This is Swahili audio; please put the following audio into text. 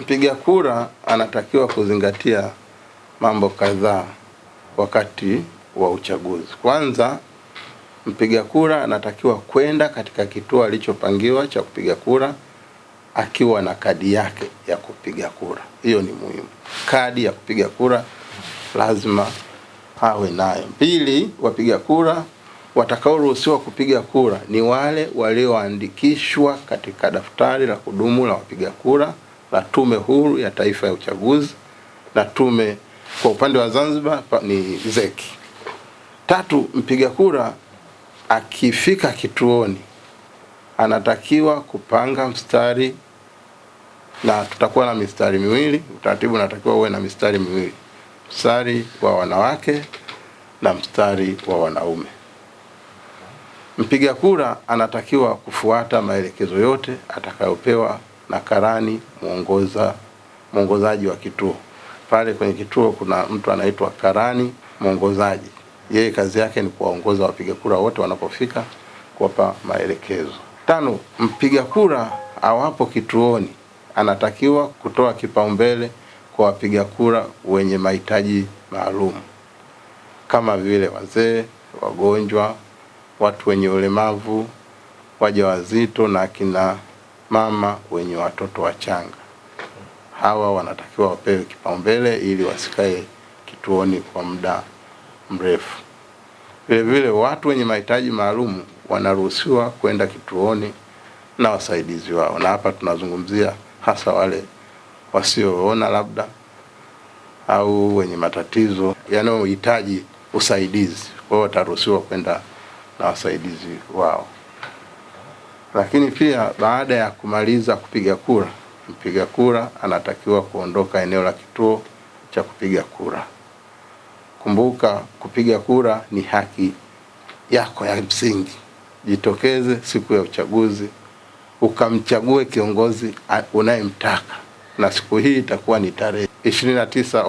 mpiga kura anatakiwa kuzingatia mambo kadhaa wakati wa uchaguzi. Kwanza, mpiga kura anatakiwa kwenda katika kituo alichopangiwa cha kupiga kura akiwa na kadi yake ya kupiga kura. Hiyo ni muhimu, kadi ya kupiga kura lazima awe nayo. Pili, wapiga kura watakaoruhusiwa kupiga kura ni wale walioandikishwa katika daftari la kudumu la wapiga kura na Tume Huru ya Taifa ya Uchaguzi na tume kwa upande wa Zanzibar ni ZEKI. Tatu, mpiga kura akifika kituoni anatakiwa kupanga mstari na tutakuwa na mistari miwili. Utaratibu unatakiwa uwe na mistari miwili, mstari wa wanawake na mstari wa wanaume. Mpiga kura anatakiwa kufuata maelekezo yote atakayopewa na karani mwongoza mwongozaji wa kituo. Pale kwenye kituo kuna mtu anaitwa karani mwongozaji, yeye kazi yake ni kuwaongoza wapiga kura wote wanapofika, kuwapa maelekezo. Tano, mpiga kura awapo kituoni anatakiwa kutoa kipaumbele kwa wapiga kura wenye mahitaji maalum kama vile wazee, wagonjwa, watu wenye ulemavu, wajawazito na akina mama wenye watoto wachanga. Hawa wanatakiwa wapewe kipaumbele ili wasikae kituoni kwa muda mrefu. Vilevile watu wenye mahitaji maalum wanaruhusiwa kwenda kituoni na wasaidizi wao, na hapa tunazungumzia hasa wale wasioona labda au wenye matatizo yanayohitaji usaidizi, wao wataruhusiwa kwenda na wasaidizi wao. Lakini pia baada ya kumaliza kupiga kura, mpiga kura anatakiwa kuondoka eneo la kituo cha kupiga kura. Kumbuka, kupiga kura ni haki yako ya msingi. Jitokeze siku ya uchaguzi ukamchague kiongozi unayemtaka, na siku hii itakuwa ni tarehe 29